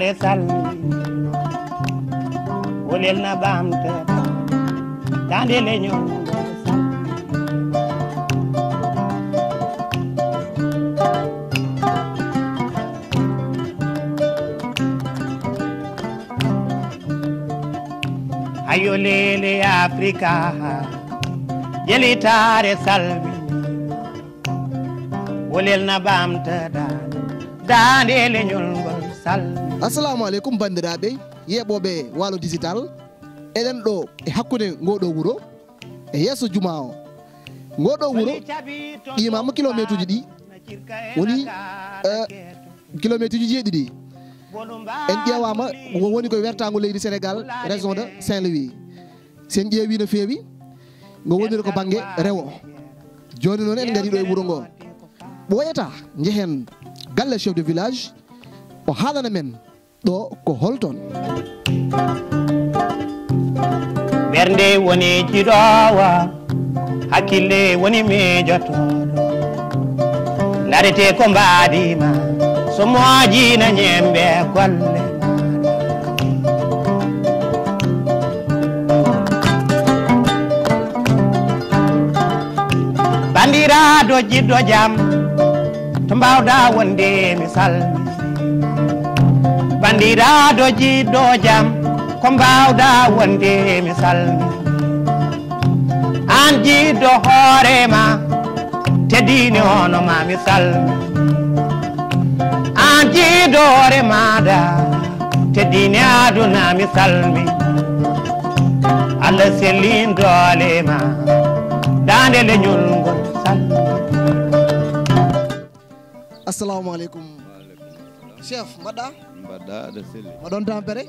mare sal wolel na bamta dandele ñoo ayo lele afrika jelitare salbi wolel na bamta dandele ñol sal assalamu aleykum bandiraɓe yeɓoɓe walo digital eɗen ɗo e hakkude ngoɗo wuuro e yesso juma o ngoɗo wuuro qimama kilométre uji ɗi woni e, kilométre uji jeeɗi ɗi en ƴewama woni koye wertago leydi sénégal région de saint louis si en ƴeewi no feewi ngo wonire ko bangge rewo joni noon en gaariɗo e wuuro ngo ɓoyata jehen galle chef de village o haalana men ɗo ko holton ɓernde woni jiɗowa hakkille woni mijotoɗo narete ko mbaɗima somojina ñemɓe golle bandirado jiɗɗo jam to mbawɗa wondemi salmi bandiraɗo jiɗɗo jam ko mbawɗa wonde misal an jiɗɗo hoorema teddini onoma misal an jiɗɗo hoore maɗa teddini aduna misalmi allah sellin doolema dande leñol ngol sal assalamu aleykum chef mbaɗɗa badda aɗa selli oɗon tampere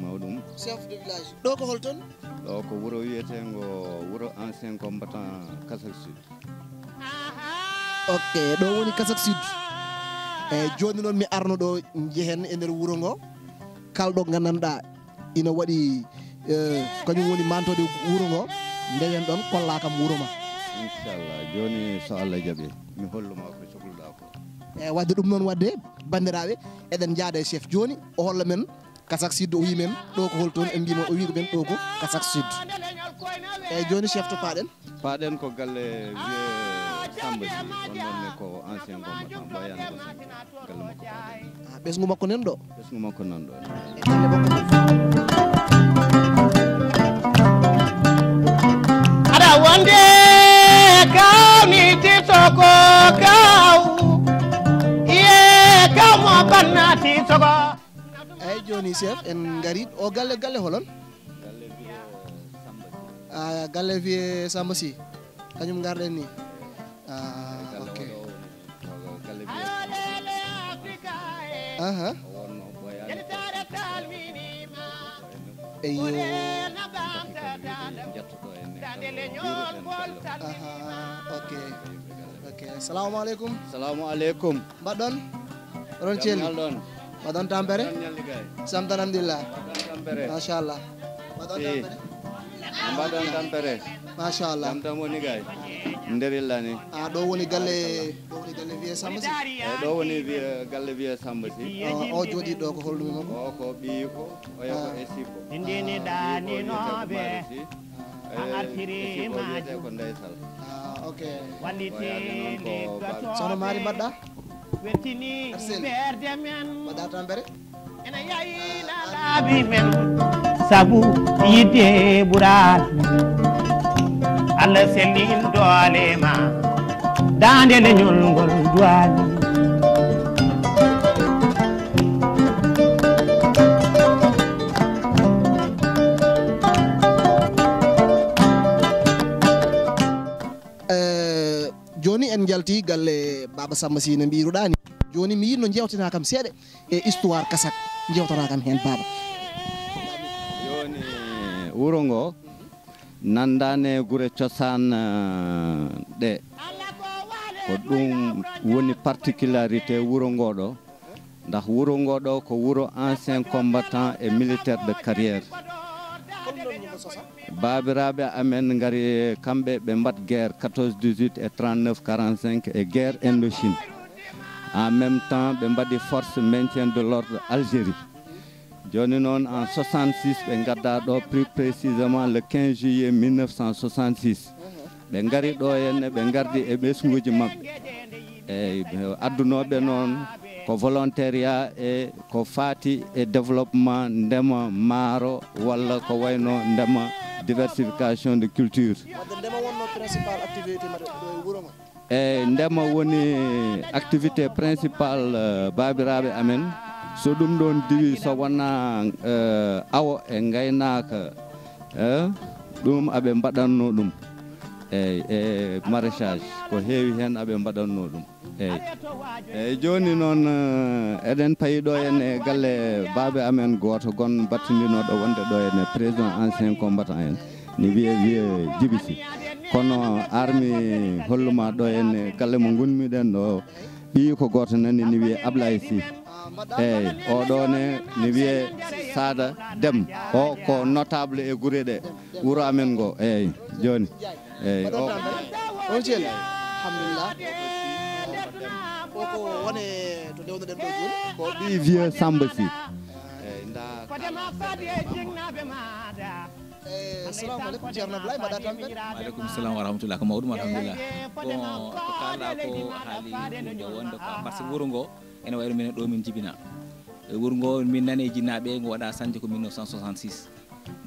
mawɗum chef de village ɗo ko holton ɗo ko wuro wiyetengo wuro ah, ancien combattant kasak sud ok ɗo woni kasak sud eyyi eh, joni noon mi arno ɗo jehen e nder wuuro ngo kalɗo gandanɗa ina waɗi eh, kañum woni mantode wuuro ngo ndewen ɗon kolla kam wuuro ma inchallah joni so allah jaaɓi mi holluma ko sohlu e eh, wadde ɗum noon wadde bandiraɓe eɗen jaada e chef joni o holla men kasak sud o wimen ɗo ko holtoon en mbima o wiiko men ɗo ko kasak sud eyyi joni chef to paɗen paɗen ko galle wiye samba si on nonne ko ancien gommatant mbayano ko galle makko paɗen ah, ɓesgu makko nan ɗo ɓesgu makko nan ɗo e galle makko aɗa wonde kawni tirto kaw mo bannati sogo eyyi joni chef en o galle galle holon ah, galle wiye samba sy kañum garɗen ni aha Eh. aha ok Oke. assalamu Assalamualaikum. salamu oɗon badan tamper, tampere samtan alhamdulillah machallah mbaɗon tampere mbaɗon tampere machallah samtan woni gay nderilla ni a ɗo woni galle ɗo woni galle wiye samba si eyi ɗo woni galle wiye samba si o jooɗi ɗo ko hollumi makko o ko ɓiyi ko oya ko ah. e sikko ndini ɗaninoɓe a artiri majum ko ndeysal ok wallitini sono wetini ɓerde men waɗatambere ene yayina laabi men saabu yidde ɓuran allah sellin doole ma dande leñol ngol duwani jalti galle baba samba si no mbiruɗani joni mi yinno jewtana kam seeɗa e histoire kasat jewtana kam hen baba joni wuuro ngo nandane guure cosan eh, ɗe ko ɗum woni particularité wuuro ngoɗo ndax wuuro ngoɗo ko wuuro ancien combattant et militaire de carrière babiraɓe amen ngari kambe be guerre 14 18 et 39 45 et guerre indochine en même temps be des force maintien de l'ordre algérie joni non en 66 be plus précisément le 15 juillet 1966 ben ngari do henne e eh, eh, be gardi e ko volontariat e ko fati e développement ndema maro wala ko wayno ndema diversification de culture e, e ndema woni activité principale euh, babirabe amen so dum don diwi so wana euh, awo e gaynaka dum euh, abe mbaɗanno dum eyyi e maraîchage ko heewi heen aɓe mbaɗatno ɗum eyyi eyyi jooni noon eh, eɗen payi ɗo henne galle baaɓe amen gooto gon battidinoɗo wonde ɗo henne président ancien combattant en ni wiye wiye djibiti kono armi holluma ɗo henne galle mo gonmiɗen ɗo ɓii ko gooto nani ni wiye ablay si eyyi oɗo ne ni wiye saada dem o ko notable e guure ɗe wuuro amen ngo eyyi jooni ɗi vieux samba si e aleykum salam warahmatullah ko mawɗum alhamdulillah bon ko e kalɗa ko haali ɗumɗo e wonde ko par ce que wuuro ngo ene wayno minen ɗo min jibina wuuro ngo min nane e jinnaɓe ngo waɗa sañde ko 1966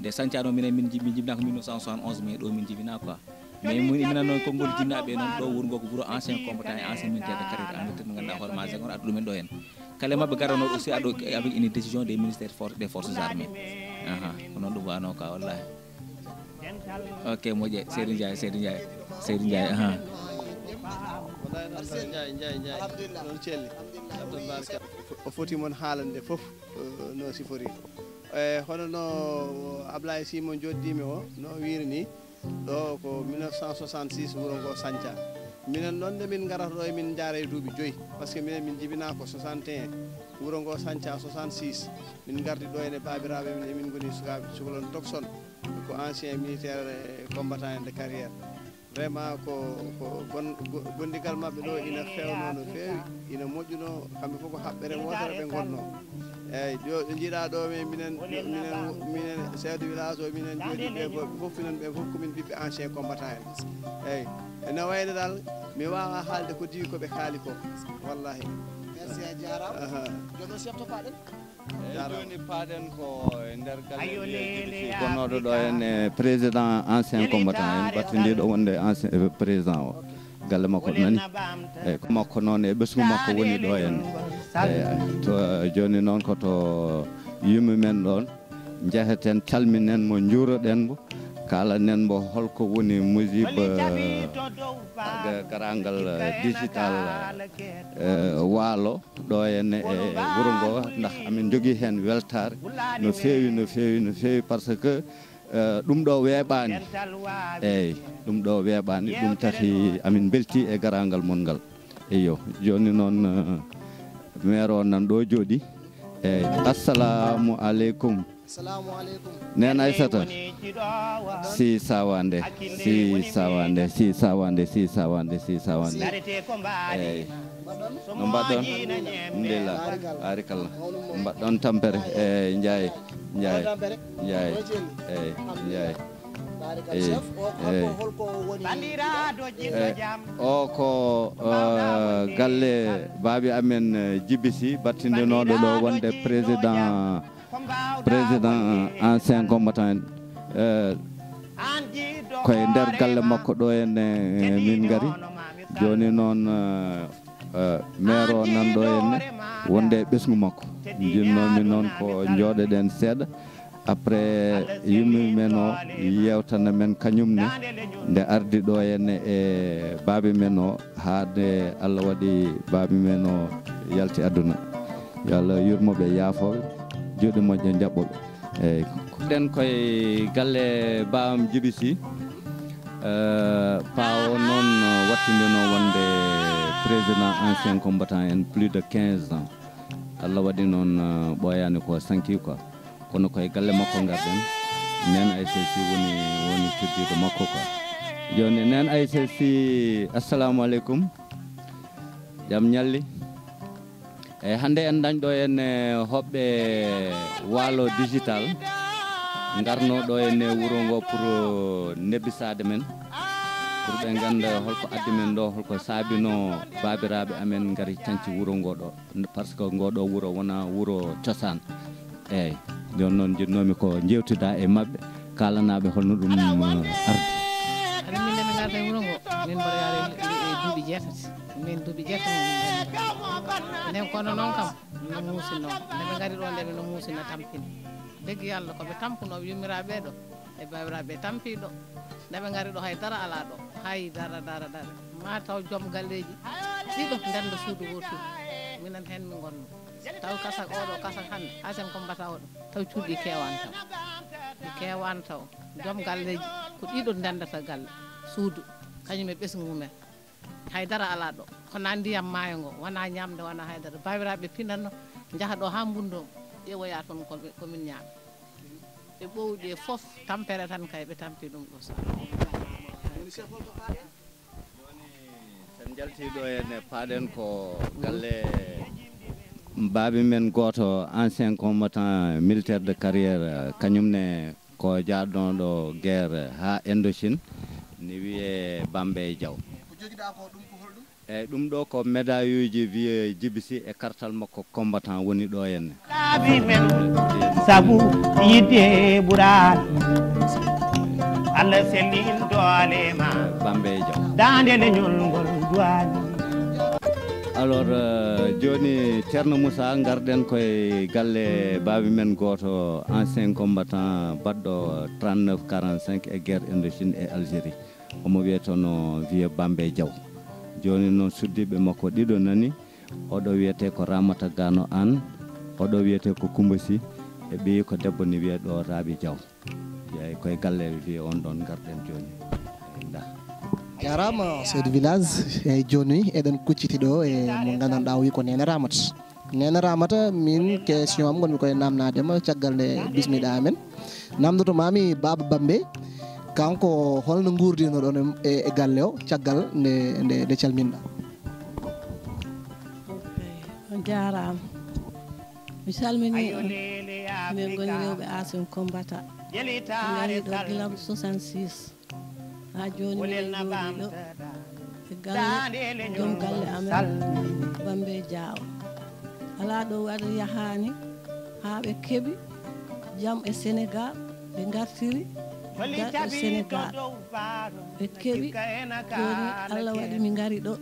nde sañcano minen min jibina ko 1971 mais ɗo min jibina quoi mais min minen noon konngol jinnaaɓe noon ɗo wuro ngo ko wuro ancien combattant et ancien militaire de carrier andirte mo ganduɗa hoore ma zagon addu ɗumen ɗo hen kala e maɓɓe garanoo aussi aɗo avec une décision des ministères for des forces armées ahan ko noon ɗum wano ka wallahi ok moƴƴe seydi ndiaye seydi ndiaye seydi ndiaye ahan o foti moon haalande foof euh, no sifori e hono no ablaye simon joddimi o no wiiri ni ɗo ko 1966 wuro ngo sañca minen noon nde min garata ɗo emin jaara e duuɓi joyi par ce que minen min jibina ko 61 wuro ngo sañca 66 min gardi ɗo ene baabiraɓe min emin goni sukaɓe cukalon tokson ko ancien militaire e combattant e de carrière vraiment ko ko gonndigal maɓɓe ɗo ina fewno no feewi ina moƴƴuno kamɓe fof ko haɓɓere wotere ɓe gonno eyyi jo ɗo jiiɗa ɗo min minen minen minen chef de village o minen joni ɓe foof minen ɓe foof komin ɓiɓɓe ancien combattant en eyyi ene wayno dal mi wawa haalde ko diwi koɓe kaali ko wallahi merci a jarama joni noon chef topaɗen E e gonnoɗo ɗo henne président ancien combattant en battidiɗo wonde ancien eh, président o galle makko nani eyyi ko makko noon e ɓesgu makko woni ɗo henneeyi to eh, joni noon koto yimmumen ɗon jaaheten calminen mo juuroɗen mo kala nen mbo holko woni musiba aga karangal digital e, waalo ɗo henne e wuro ngo ndax amin jogi hen weltare no fewi no fewi no fewi par ce que e, ɗum ɗo weɓani eyyi ɗum ɗo weɓani ɗum tati amin belti e garangal mon ngal eyyo joni noon maire o nan ɗo jooɗi eyyi assalamu aleykum nen aissata si sawande si sawande si sawande si sawande si sawande eyi no mbaɗɗon ndilla barikalla mbaɗɗon tampere e ndiaye ndiaye ndiaye eyi ndiaye o ko uh, galle baabi amen uh, jibbi si battindinoɗo ɗo wonde président président ancien combattant en euh, koye nder galle makko ɗo henne e min gari joni noon euh, euh, maire o nanɗo henne wonde e ɓesgu makko jinnomi noon ko jooɗeɗen seeɗa après yummi men o yewtana men kañum ne nde ardi ɗo henne e baabi men o haade allah waɗi baabi men o yalti aduna yo allah yurmoɓe yaafoɓe jooɗi moƴƴo jaɓɓoɓe eyyi ɗen koye galle bawam djiby sy eh, paw noon wattidino wonde président ancien combattant en plus de 15 ans allah waɗi noon eh, ɓoyani ko sanki quoi kono koye galle makko garɗen nen aycc woni woni suddiɗo makko quoi joni nen aycc assalamu aleykum jaam ñalli eyi hannde en dañɗo e, en hoɓɓe waalo digital ngarno ɗo enne wuro ngo pour e, nebbisade men pour ɓe ngannda holko addi men ɗo holko saabino baabiraɓe amen gaari cañci wuro ngo ɗo par ce que ngo ɗo wuro wona wuro cosan eyyi joni noon jinnomi ko jewtida e mabɓe kalanaɓe holno ɗum ardi min ndemi garde wuro ngo min mbaɗa yaade e-, e duuɓi jeetati min duuɓi jeetanen kono noon kam no muusino ndeɓe gaari ɗo ndeɓe no muusino tampini deg yallah koɓe tampunoɓe yummiraɓe ɗo e babiraɓe tampi ɗo ndeɓe gaari ɗo haydara ala ɗo hay dara dara dara ma taw joom galleji ɗiɗo ndenda suudu wurtu minen hen mi gonno taw kasak oɗo kasak hande haysen ko mbata oɗo taw cuuɗi kewani taw ɗi kewani taw joom galleji ko ɗiɗo ndendata galle suudu kañum e ɓesgumumen haydara ala ɗo wona ndiyam maayo ngo wona ñamde wona haydara bawiraɓe pinatno jaaha ɗo ha mbundom ƴewoya toon koɓe komin ñaami ɓe ɓowɗi e foof tampere tan kay ɓe tampi ɗum ɗo sa sen jaltiɗo ene paaɗen ko galle mbaaɓe men gooto ancien combattant militaire de carrière kañumne ko jaaɗnoɗo guerre ha indochine ne wiye bambe diaw eyyi ɗum ɗo ko médaille uji wiye djibisi e kartal makko combattant woni ɗo henne laabimen saabu yidde ɓuural allah sellin doolema bambeejo dande leñol ngol duwani alors euh, joni ceerno moussa garɗen koye galle baabi men goto ancien combattant baɗɗo 39 45 e guerre indochine et algérie omo wiyetono wiya bambe diaw joni noon suddiɓe makko ɗiɗo nani oɗo wiyete ko ramata gano an oɗo wiyete ko coumba sy e ɓeyi ko debbo ne wiye ɗo raaɓi diaw jeeyi koye galle wiye on ɗon garɗen joni da jarama seydi village eyyi joni eɗen kucciti ɗo e mo gandanɗa wi ko nene ramata nene ramata min question am gonmi koye namnadema caggal nde bismiɗa amen namdotomami baba bambe kanko holno guurdinoɗon e, e galle o caggal nde nde calminɗa on jarama mi salmini min goni rewɓe asim combata gari ɗo gilam 66 ha joni ɗo e galle jom galle amen bambe diaw ala ɗo waɗa yahani ha ɓe keeɓi jaam e sénégal ɓe gartiri gaɗo sénégal ɓe keeɓi kori e allah waɗi mi gaari ɗo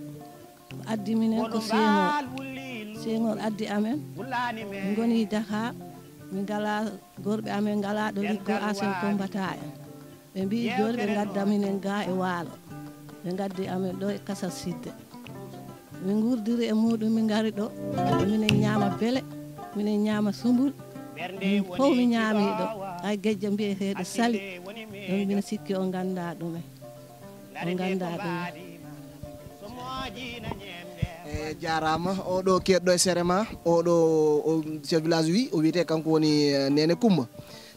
addi minen ko seenor seenor addi amen goni dakar mi gala gorɓe amen gala ɗo liggo asen combata en ɓe mbi joni ɓe gadda minen ga e waalo ɓe gaddi amen ɗo e kasa sidde min gurdiri e muɗum mi gaari ɗo minen ñaama beele minen ñaama sumbul min fof mi ñaamiɗo hay gejjo mbiyeteɗo sali ɗum mbino sikki o ganda ɗumen o ganda ɗum eyyi jarama oɗo keɗɗo e sére ma oɗo chef village wi o wiyete kanko woni eh, nene coumba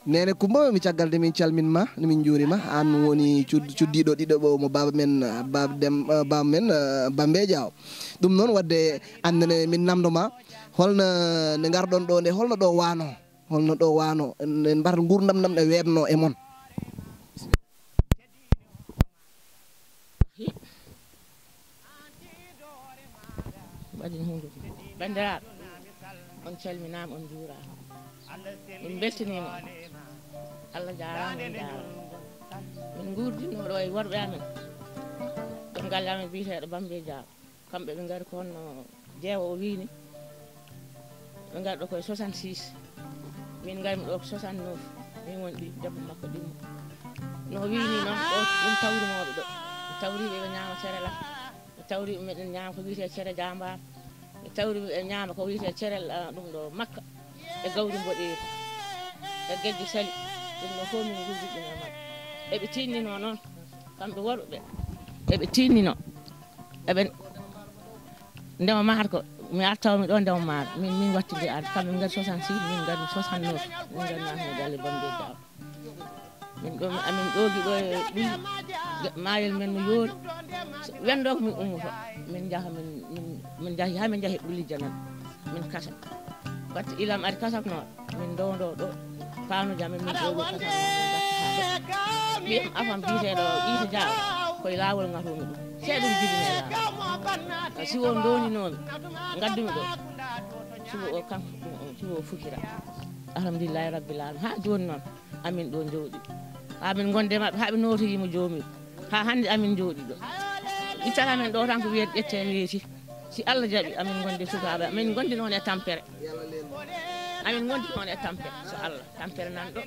nene coumba mi caggal de min calminma nomin juurima an woni cuddiɗo ɗiɗo ɓo mo baba men babdem eh, baba men eh, bambejaw ɗum noon wadde andene min namdoma holno nde garɗon ɗo nde holno ɗo wano holno ɗo wano en mbata gurdam dam ɗe webno e moon mbaɗin hunde bandiraɓe on calminama on jurama min beltinima allah jarama min gurdinoɗo e worɓe amen ɓe gallama biyeteɗo bambe diaw kamɓe ɓe gaari ko honno jeewa o wini ɓe garɗo koye 66 min gay mi ɗo ko 69 min woni ɗi debbo makko ɗimmo no wini noon ɗo ɗum tawrumoɓe ɗo ɓe tawriɓe ɓe ñaama cerel ak ɓe tawriɓe meɗen ko wiyete cere jambam ɓe tawriɓe ɓe ko wiyete cerel ɗum ɗo makka e gawri mboɗeeri e gejji sali ɗum ɗo fof min guldiɗum e maɓɓe eɓe tinnino noon kamɓe worɓeɓe eɓe tinnino eɓe ndema maaro ko mi artawo mi ɗo ndew maaro min min wattindi ar kamɓe min ngadi 66 min ngadi 69 min ngadinaahe galle bomde daw min ɗo amin ɗoogi ɗo e ɗum maayel men no yoori wenndo ko min ummoto min njaha min min jahi haa min njahi ɗulli janan min kasa watte ilam ari kasak noo min ndowndoo ɗo paanu jamen min ɗoogi ɓiyam afam biiteeɗo iite jaaw koye laawol ngatumi ɗum ceeɗum jibinea siwo donninoɓe gaddumi ɗo siwo o kanko siwo fukira alhamdulillahi rabbil alamin ha joni noon amin ɗo jowɗi ha min gonde mabɓe ha ɓe notoyimo jomiɓe ha hande amin jowɗi ɗo ittata min ɗo tan ko wiyet ƴette weeti si allah jaaɓi amin gonde sukaɓe amin gonde noon e tampere amin gondi toon e tampere so allah tampere nan ɗo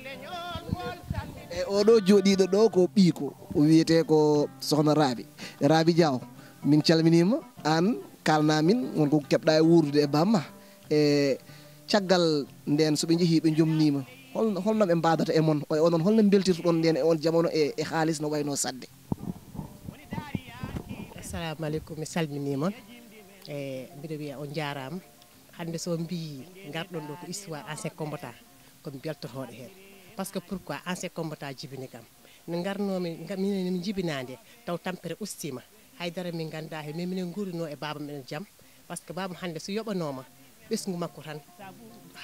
e oɗo joɗiɗo ɗo ko ɓiiko o wiyete ko sohna raaɓi raaɓi diaw min calminima an kalna min wonko keɓɗa e wurdude e bamma e caggal nden soɓe jeehi ɓe jomnima holnoɓe mbadata e moon e onon holno beltirtoɗon nden e on jamono e e haaliss no wayno sadde assalamu aleykum mi salminimon e mbiɗo wiya on jarama hannde so mbi ngarɗon ɗo ko histoire ancien combattant komi beltotoɗo heen par ce que pourquoi ancien combattant jibini kam ne ngarnomi minenmi jibinande taw tampere ustima haydara min ngannda he min mine guurino e baba men jaam par ce que baba hannde so yoɓanoma ɓesgu makko tan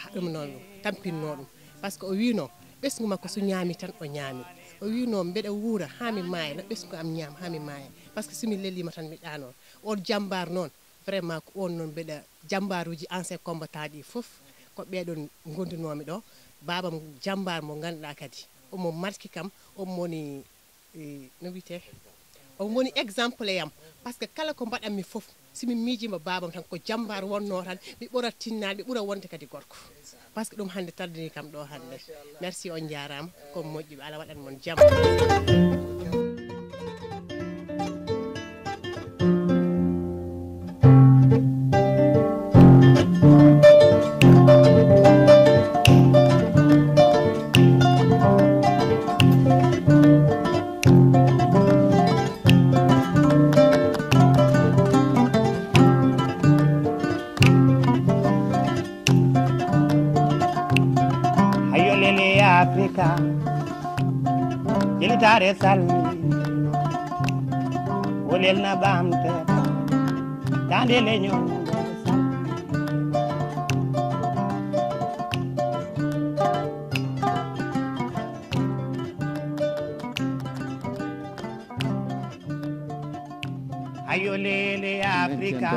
haɗumnon ɗum tampinno ɗum par ce que o wino ɓesgu makko so ñaami tan o ñaami o wino mbeɗa wuura ha mi maaya ɓesgu am ñaam ha mi maaya par ce que somi lellima tan mi ɗanon on jambar noon vraiment ko on noon mbeɗa jambaruji ancien combattant ɗi foof ko ɓeɗon gondunomi ɗo babam jambar mo ganduɗa kadi omo marki kam omo woni e, no wiyete omo woni exemple yam par ce que kala ko mbaɗanmi foof simi miijima babam tan ko jambar wonno tan mi ɓura tinnaɗe ɓuura wonde kadi gorko par ce que ɗum hannde tardini kam ɗo hannde merci on jarama ko moƴƴi ala waɗan moon jam are salmi wolel na bamte dande le ñoo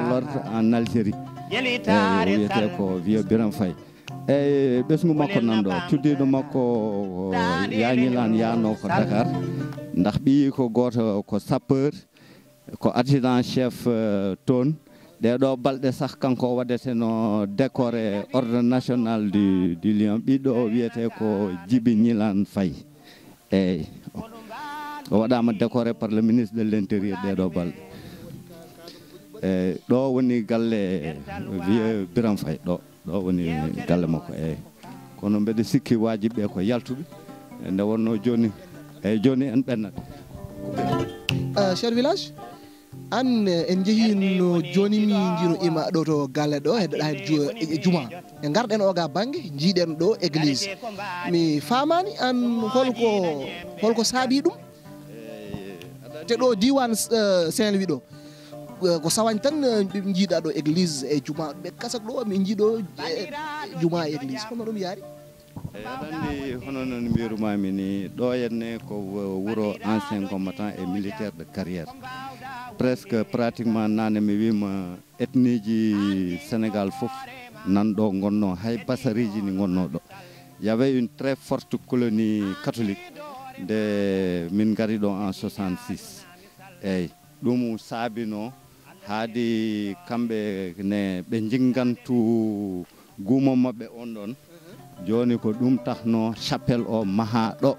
l'ordre en Algérie e o ko wiya Biram Faye eyyi yano ko Dakar ndax ɓi ko goto ko sapeur ko adjudant chef euh, de do balde sax kanko seno décoré ordre national du du lion do wiété ko djibi ñilan faye eh ko wadama décoré par le ministre de l'intérieur de do balɗe eyyi do woni galle wiye biran faye do do woni galle mako eyyi kono mbeɗa sikki wajibe ko yaltuɓe nde wonno joni eyyi joni en ɓennat uh, ah, chér village an en jeehino jonimi jiiro ima ɗo to galle ɗo heddaɗa he e juma e garɗen oga banggue jiiɗen ɗo église mi famani an holko holko saabi ɗum te ɗo diwan uh, eh, saint louis ɗo uh, ko sawani tan ɓe eh, jiiɗa ɗo église e juma ɓe kasak ɗo mi jiiɗo juma e église hono ɗum yaari eyiaɗanndi hono noon mbirumami ni ɗo henne ko wuro ancien combattant et militaire de carrière presque pratiquement naane mi wima etniji sénégal fof nanɗo gonno hay basariji ni gonno ɗo y avait une très forte colonie catholique nde min gari ɗo en 66 eyi ɗum saabino haadi kamɓe ne ɓe jinngantu guuma maɓɓe on ɗon joni ko ɗum tahno chapel o maha ɗo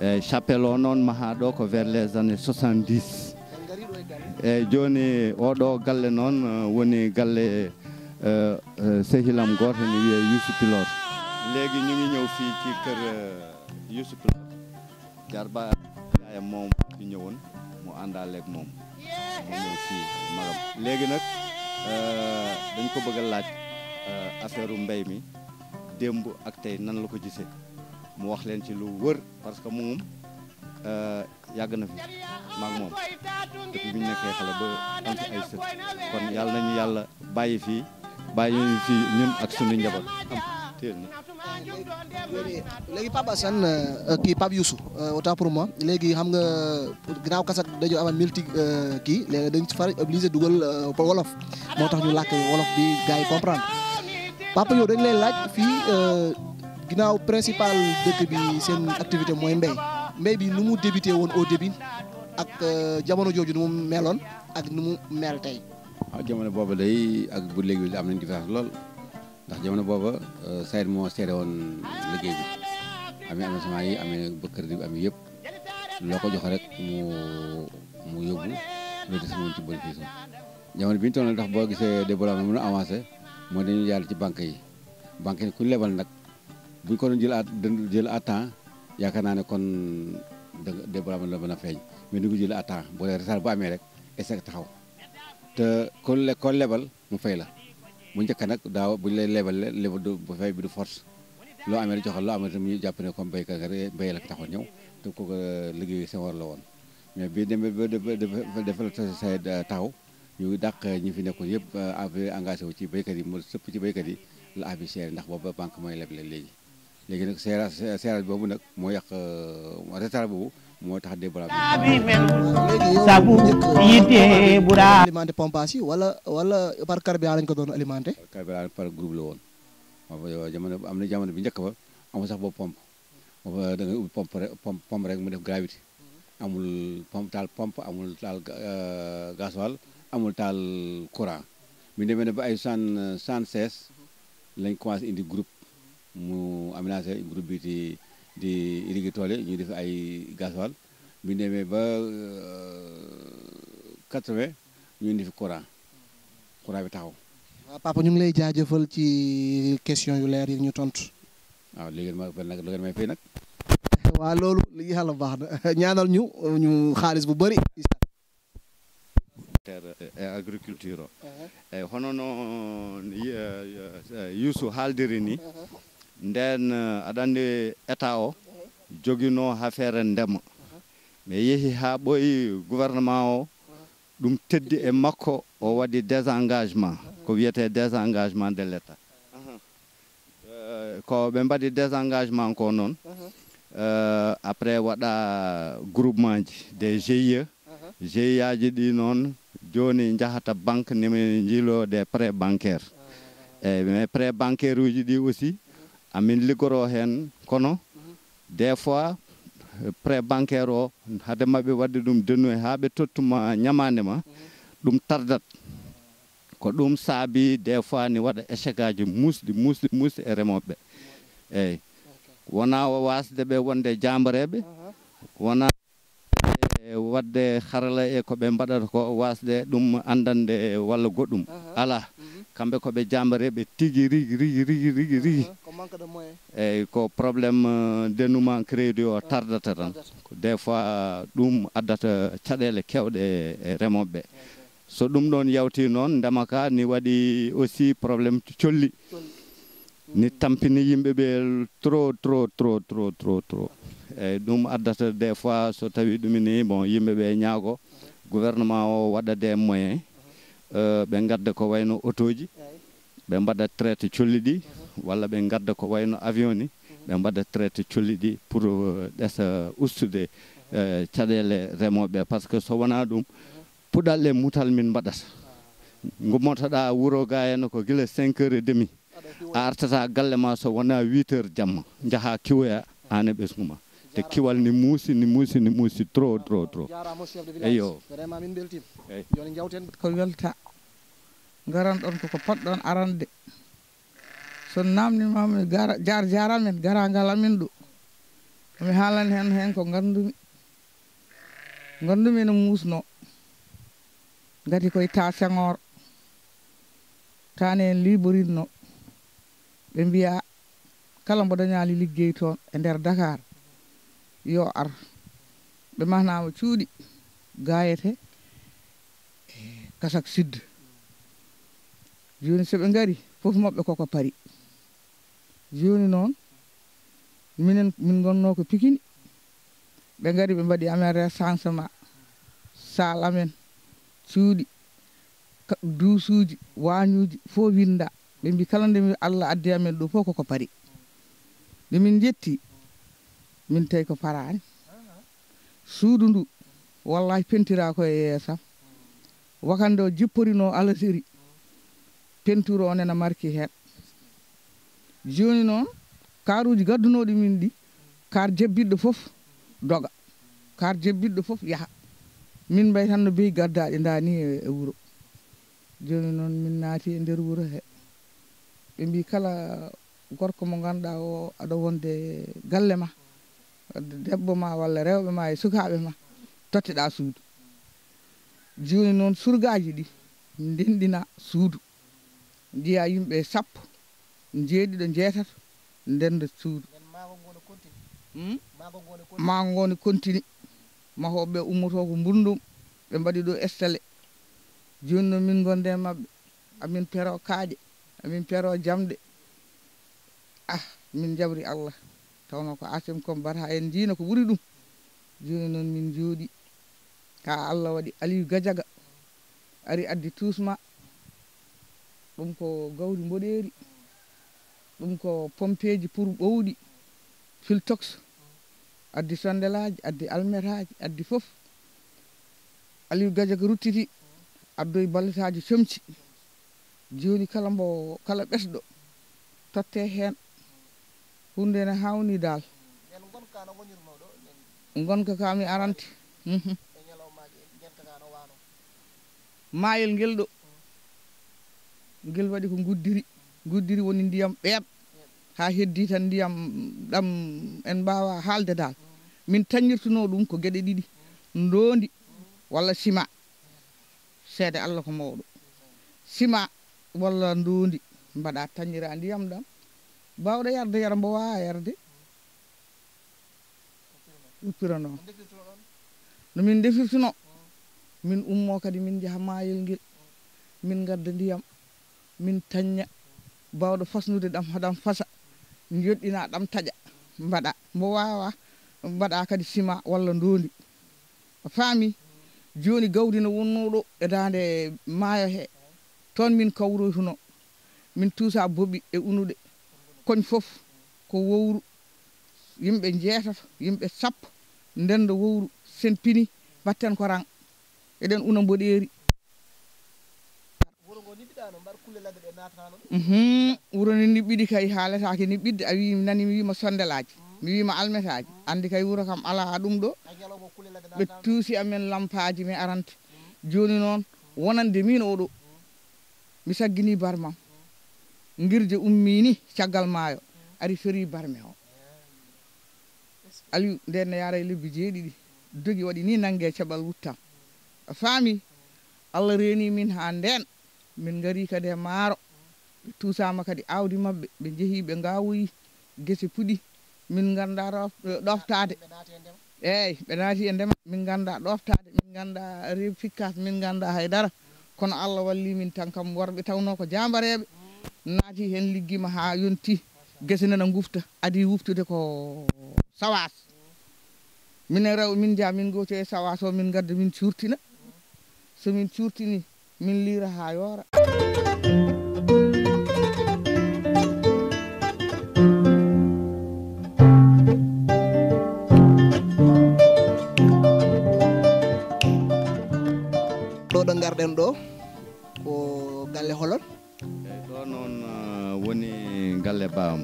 e chapel o noon maha ɗo ko vers les années 70 eyi joni oɗo galle noon e, woni galle e, e, sehilam goto ne wiye yusu pilor leegi ñumi ñëw fii ci kër yusu pilor jarba yaye moom fi ñëwoon mu àndaleeg moom moñëw fii magam léegi nag dañ ko bëgg laaj affaire u mbay mi démb ak tey nan la ko gisee mu wax leen ci lu wër parce que moom euh, yàgg na fi maag moom kon yàlla nañu yàlla bàyyi fii bàyyi ñu fi ñun ak suñu njaboot am téel na léegi Pape Assane euh, kii Pape Youssou euh, autant pour léegi xam nga ginnaaw kasak dañoo am multi kii léegi dañ far obligé dugal wolof moo tax ñu làkk wolof bi gars yi comprendre papa yow dañ lay laaj fii euh, ginnaaw principal dëkk bi seen activité mooy mbéy mbéy bi nu mu débuté woon au début ak euh, jamono jooju nu mu meloon ak nu mu mel tey. Ah, jamono booba day ak bu léegi am nañ différence lool ndax jamono booba euh, Saïd moo seere woon liggéey bi amee amee yi amee ba crédit bi amee yëpp loo ko joxe rek mu mu yóbbu loolu des na woon ci bénéfice jamono bi ñu toll ndax boo gisee développement mën a avancé. mooy dañuy yàlla ci banque yi banque yi ku lebal nag bu ñu ko doon jël à jël à temps yaakaar naa ne kon da développement la mën a feeñ mais ni ko jël à temps boo leen retard bu amee rek échec taxaw te ko le lebal mu fay la bu njëkk nag daaw buñ lay lebal lebal du bu fay bi du force loo amee di jox loo amee tam ñu jàpp ne comme béykat nga béy la ko taxaw ñëw te kooku liggéey seen war la woon mais bi demee ba dafa dafa taxaw. ñu ngi dàq ñi fi nekkul yépp avé engagé wu ci baykat yi mu sëpp ci baykat yi la avé cher ndax booba banque mooy leble légui légui nak seera seeraat bobu nak mo yak retard bobu mo tax débordement léegi alimenté pompe yi wala wala par carburant lañ ko doon alimenté par carburant par groupe la woon waaw jamono amna jamono bi ñëk ba amu sax bobu pompe boobu da nga pompe pompe rek mu def gravité amul pompe tal pompe amul tal gasoil amul taal courant mu demee ne ba ay san soixante seize lañ commencé indi groupe mu aménagé groupe bi di di irriguer tool yi ñu def ay gasoil bi demee ba euh, quatre-vingt ñu indi fi courant courant bi taxaw. waaw papa ñu ngi lay jaajëfal ci question yu leer yi ñu tontu. waaw léegi nag lu ngeen may fay nag. waaw loolu yàlla baax na ñaanal ñu ñu xaalis bu bëri. Eh, eh, agriculture et agriculture uh-huh. o eyi eh, hono a eu haaldiri ni uh-huh. nden aɗa anndi état jogino joginoo affaire ndema uh-huh. mi yehi haa ɓoyi gouvernement o ɗum teddi e makko o waɗi désengagement ko wiyetee désengagement de l'État. Quand ko ɓe mbaɗi désengagement ko euh, après wada groupement des gie gie ji dit non. joni jahata banque njilo jiilode prêt bancaire ah. eyyi eh, mais pré bancaire uji ɗi aussi mhm. amin liggoro hen kono mhm. des fois pré bancaire o hade mabbe wadde ɗum denu e ha tottuma nyamande ma mhm. ɗum tardat ko ɗum saabi des fois ni waɗa échec aji musɗi musɗi remobe e remoɓeɓe eyyi wona wasde ɓe wonde jambarebe wona wadde harala e ko ɓe mbaɗata ko wasde ɗum andande e walla goɗɗum ala mhm. kamɓe koɓe jambareɓe tigui rigui rigui rigui rigui rigui eyyi ko probléme euh, dénouement crédit o tardata tan des fois ɗum addata caɗele kewɗe e, e remoɓeɓe so ɗum ɗon yawti noon ndema ka ni waɗi aussi probléme colli ni mhm. tampini yimɓeɓe trop trop trop trop trop trop eyi ɗum addata des fois so tawi ɗumini bon yimɓe ɓe ñaago gouvernement o waɗa de moyen e, ɓe gadda ko wayno auto ji ɓe mbaɗa traite colli ɗi walla ɓe gadda ko wayno avion ni ɓe mbaɗa traite colli ɗi pour e, ɗesa ustude e, caɗele remoɓe par ce que so wona ɗum puɗalle mutal min mbaɗata gummotoɗa wuuro ga henno ko guila 5 heures et demi a artata galle ma so wona 8 heures jamma jaaha kiwoya an e ɓesgu ma te kiwal ni musi ni musi ni musi tro tro tro ayo vraiment min beltima yoni ngawten ko welta don ko pat don arande so mam jar jaral gara ngala min du mi halan hen hen ko gandumi mus no musno gati koye ta sangor tane en liborinno ɓe mbiya kala mo dañali liggey ton e der dakar yo ar ɓe mahnaama cuuɗi gayete e kasak sidde jooni so ɓe ngari fof maɓɓe koko pari jooni noon minen min ngonnoo ko pikini ɓe ngari ɓe mbaɗi amen resencement sal amen cuuɗi duusuuji waañuuji fof winnda ɓe mbi kala nde mi allah addi amen ɗo fof koko pari nde min jetti min tawi ko paraani suudu ndu wallahi pentira ko e yeesam wakande o jipporinoo alaseri penture on ene marki heen jooni noon kar uji gaddunooɗi min ɗi kar jebbiɗɗo fof doga kar jebbiɗɗo fof yaha min mbay tan no beyi gaddaaɗi ndaani e, e wuro jooni noon min naati e ndeer wuro hee ɓe mbi kala gorko mo ngannduɗaa o aɗa wonde galle maa debbo ma walla rewɓe ma e sukaɓe ma totteɗa suudu joni noon surgaji ɗi ndenɗina suudu jiya yimɓe sappo jeeɗiɗo jeetato ndenda suudu maago ngo ne contini mahoɓe ummoto ko mburdum ɓe mbaɗi ɗo estalé joni noon min gonde mabɓe amin pero kaaƴe amin pero jamɗe ah min jaɓri allah tawno ko asem kom mbat ha en diina ko ɓuuri ɗum joni noon min jooɗi ka allah waɗi aliyu gajaga ari addi tuusma ɗum ko gawri mboɗeeri ɗum ko pompeji pour ɓowɗi filtox addi sondelaji addi almeraji addi fof aliyu gajaga ruttiti addoye balletaji comci joni kala mbo kala ɓesɗo totte heen hunde ne hawni dal gonka ka mi aranti e mayel ngel ɗo ngel wadi ko guddiri guddiri woni ndiyam beb ha heddi tan ndiyam dam en hal halde dal min tañirtuno dum ko gede didi ndondi wala sima sede allah ko mawdo sima wala ndondi mbada tañira ndiyam dam mbaawɗo yarde yara mbo waawa yarde uppiranoo no min defirtunoo min ummoo kadi min njaha maayel ngel min ngadda ndiyam min tanña mbaawɗo fasnude ɗam hoɗam fasa njoɗɗinaa ɗam taƴa mbaɗa mbo waawa mbaɗaa kadi sima walla ndoondi a faami jooni gawdi no wonnoo ɗo e daande maayo hee toon min kawroytuno min tuusaa boɓi e unuɗe kon fof ko wowru yimɓe jeetato yimɓe sappo ndenda wowru sen pini batten ko ran eɗen una mboɗeeri wuro ni mhm. niɓɓiɗi kay haalataake niɓɓiɗde a wii nanimi wiima sondelaaji mi wiima almetaaji anndi kay wuro kam alaa ɗum ɗo ɓe tuusi amen lampaaji mi arante jooni noon wonande min oɗo mi sagginii bar mam ummi ummini caggal mayo ari feri barme o ali den ne yaara e di jeeɗiɗi dogi wadi ni nange e caɓal wutta fami allah reni min handen min ngari kade maro tusama ɓe di kadi awdi mabbe be jehi be gawoyi gese pudi min ganda doftade eyyi be naati e ndema min ganda doftade min ganda refikas min ganda haydara kono allah walli min tankam worbe tawno ko jambareɓe naati heen liggima haa yonti gese nana ngufta adi wuftude ko sawas min rew min jea min gooti e sawas o min ngadda min cuurtina so min cuurtini min liira haa yoora ɗo ɗo ngarɗen ɗo ko galle holon ɗo noon uh, woni galle baam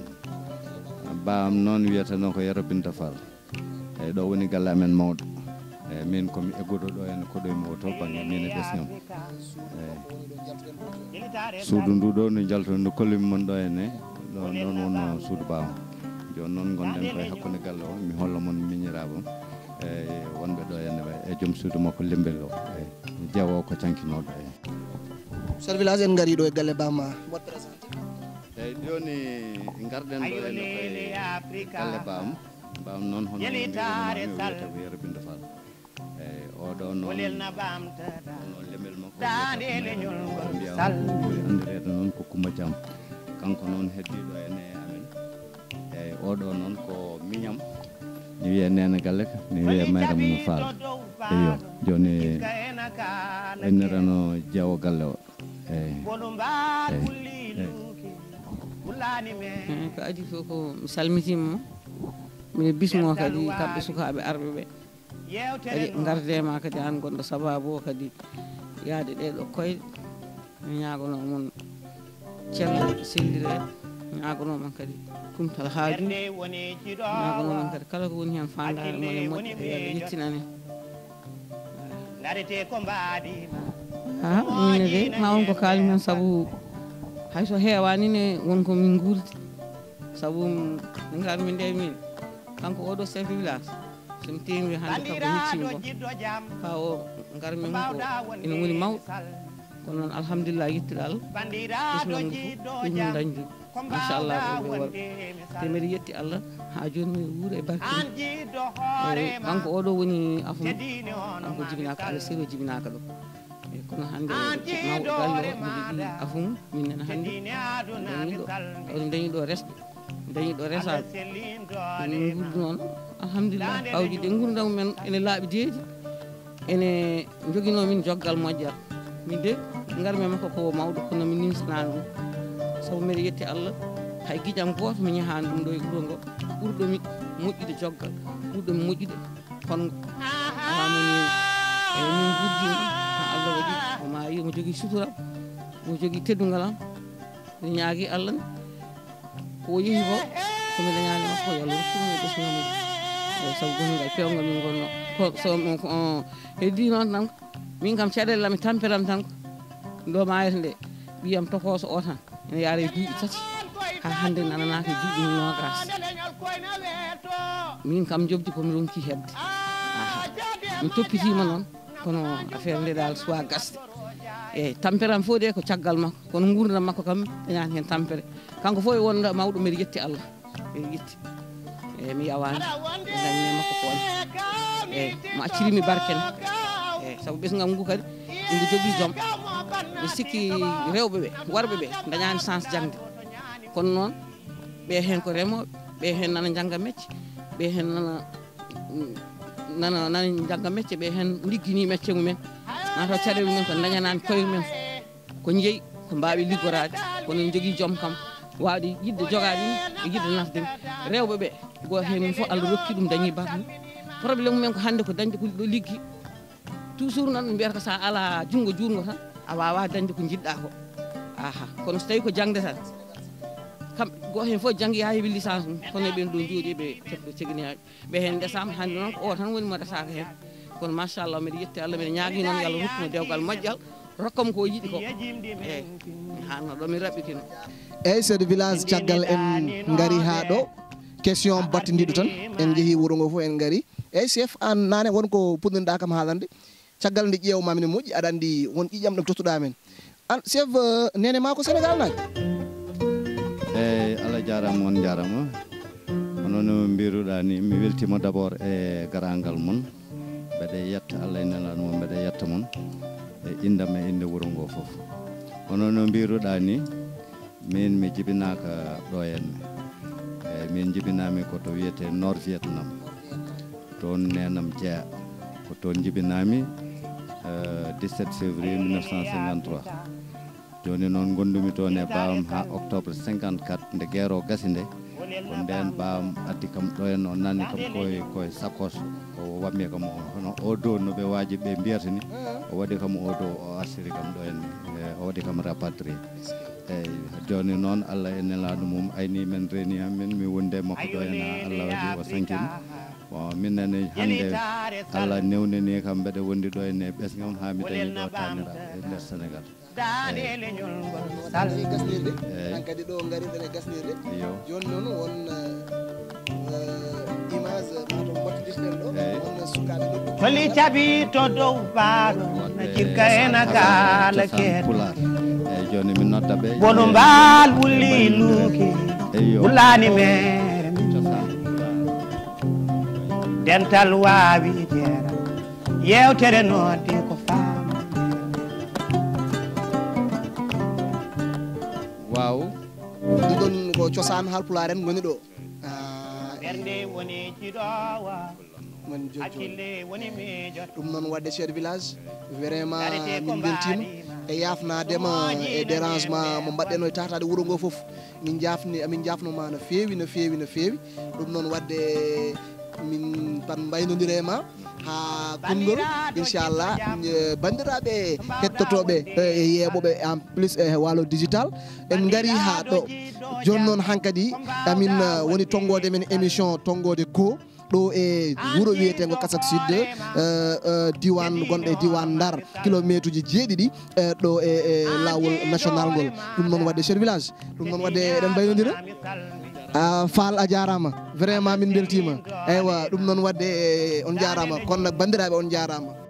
baam noon wiyeteno ko yarobinta fall eyyi ɗo woni galle amen mawɗo eyyi min komi egguɗo ɗo henna koɗoyemi o to banggue min e ɓesgam eyyi suudu ndu ɗo no jalton ndu kollumi mon ɗo henne ɗo noon wonno suudu baam joni noon gonɗen koye hakkude galle o mi holla moon miñiraɓam e wonɓe ɗo henne e joom suudu makko lembel e o eyyi jeewo ko cankinoɗo eyyi Servilas en garido e galle bama mo presenté présente eyyi en garden do en koye galle bam bam non hono yeli yerbinde fal eyyi oɗo noon ono lemel makko mbiyam ɓuri andirede noon ko kuma jam kanko noon heddiɗo ene ya, amen eh, o do non ko miñam ya, ne wiye nene galle ni wi wiye dam mum faala eyo joni en rano jeewo galle ko hmm, adi fof ko mi salmitimo mbiɗe bismo kadi kamɓe sukaɓe arɓe ɓe kadi gardema kadi an gonɗo sababu o kadi yaade ɗeɗo koyɗe mi ñagono mon ceerno sendire ñagonoma kadi kumtal haaju ñagonoma kadi kala ko woni hen fandare mon e moƴƴe yettinane arete ko mbaɗima ha mine de ha kaali men sabu hayso heewani ne wonko min guurdi sabu min ngaari min kanko oɗo chef village somi tewi hande kako miccimi ko fa o garmin ko ene woni mawɗo kono noon alhamdulillah yettude allah islam ko ɗum min dañdu inchallah ɓeɓe te mbiɗa yetti allah ha joni mi wuuro e barke eh, kanko oɗo woni afuma kanko jibinaka allah seeri o jibinaka ɗo e kono hannde mawɗo galle o omo jogii afum minen hannde dañi ɗo dañi ɗo resde dañi ɗo resade ɗum gurdi noon alhamdulillah awdi ɗe gitu men ene laaɓi deedi ene joguino min joggal moƴƴal min de garmema koko mawɗo kono mi nimsanani ɗum saabu mbiɗa yetti allah hay guiƴam goto mi ñahani ɗum gitu. ɗo e wuuro ngo ɓurɗomi moƴƴude joggal ɓurɗomi moƴƴude kono alamin min gurdima allah waɗi omo ayi omo jogui suturam omo jogui teddugal am mi ñaagui allah ne ko yeehi ko somi dañani ya, makko ya, yo allah rokkumo ɗesnamo so eyi saabu gotongal pewngal min gonno ko so oh. heddi non tan min kam caɗellam e tamperam tan ɗo mayata nde ɓiyam tokoso o tan ene yaara e duuɓi tati ha hande nananaka e duuɓi nogas min kam jobdi komi ah, ronki hebde aha mi toppitima non kono affaire nde dal soit gasde eyyi tampere am foo de ko caggal makko kono gurdam makko kam dañani hen tampere kanko foof e wonda mawɗo mbiɗa yetti allah mbiɗa yetti eyyi mi yawani makkoe eyyi mo accirimi barken eyyi saabu ɓesgam ngu kadi ngu jogui joom mi sikki rewɓeɓe worɓeɓe dañani chance jangde kono noon ɓe hen ko remoɓe ɓe hen nana jangga mecce ɓe hen nana mm, nana nana jagga mecce ɓe hen liggini mecce mumen nata caɗele mumen ko dañanani koye mumen ko jeeyi ko mbawi liggorade kono jogui joom kam wawde yidde jogade ɗum e yidde nafde rewɓeɓe goto hen mum foof allah rokki ɗum dañi batmum probléme mumen ko hande ko dañde ko liggi toujours noon ɓe ko sa ala jungo jurngo tan a wawa dañde ko jiɗɗa ko aha kono so tawi ko jangde tan goto hen fo janggi ha heeɓi licence mum kono eɓen ɗo jooɗi ɓe cefɗo ceginiyaɓe ɓe hen ndesama han noon ko o tan woni mo resaka hen kono machallah mbiɗa yetti allah mbiɗa ñaagui noon yo allah rokkumo dewgal moƴƴal rokkam ko yiɗi ko eyyi hanno ɗo mi raɓɓitino eyyi seeɗa village caggal en gaari ha ɗo question battidiɗo tan en jeehi wuuro ngo fof en gaari eyyi chef an nane wonko puɗɗinoɗa kam haalande caggal nde ƴeewma mine moƴƴi aɗa andi won ƴiƴam ɗam tottuɗa men an chef nene ma ko sénégal najo Eh, ala Allah jarama on jarama hono no mbiruɗani mi weltima d' abord e eh, garangal mon mbeɗa yetta allah e nelal moon mbeɗa yetta moon e indema inde wuuro ngo fof hono no mbiruɗa min mi jibinaka ɗo henne eyyi eh, min jibinami koto wiyete nord vietnam toon nenam jeeya ko toon jibinami 17 février 1953 joni noon gondumi toon e bawam ha octobre 54 nde guerre o gasi nde ko nden bawam addi kam ɗo o nanni kam koye koye sakos o wammi kam hono o do noɓe waji ɓe mbiyata ni o waɗi kam o do o arsiri kam ɗo en o waɗi kam e, rapatrie eyyi joni noon allah e nelaɗo mum ayni men reeni ham min mi wonde makko ɗo hen ha allah waɗi o sankini bon minnene hande allah newnani kam mbeɗa wondi ɗo henne e ɓesgam ha mi dañi ɗo e, taniraɓe e nder sénégal E gasnirde gasnirde an kadi ɗo gariɗen e gasnirde joni noon won euh, image mato mbattiɗirten ɗo won sukaɓe ɗo toli caɓi to dow baaɗo na jirka ena gaala keeɗe joni min noddaɓe wono mbaal wulli luuki wullani mere dental waawi jeera yewtere noode cosan halpularen goni ɗo ah, ɓerde woni jiɗowa min jojoi ɗum noon wadde chef de village vraiment min beltima e yafnadema e dérangement mo mbaɗɗeno e tatade wuuro ngo foof min jafni min jafnoma no fewi no fewi no fewi ɗum noon wadde min ban baynodirema ha kundol inchallah eh, bandiraɓe hettotoɓe eh, e yeɓoɓe eh, en plus e walo digital en gari ha ɗo jonnoon hankkadi amin e woni tonggode men émission tonggode ko ɗo e wuuro wiyetego kasat sudde diwan gonɗo e diwan dar kilométre uji jeeɗiɗi ɗo e lawol national ngol ɗum noon wadde chér village ɗum noon wadde eɗen baynodira faal a jarama vraiment min beltima eywa ɗum noon wadde e, on jarama kono nak bandiraɓe on jarama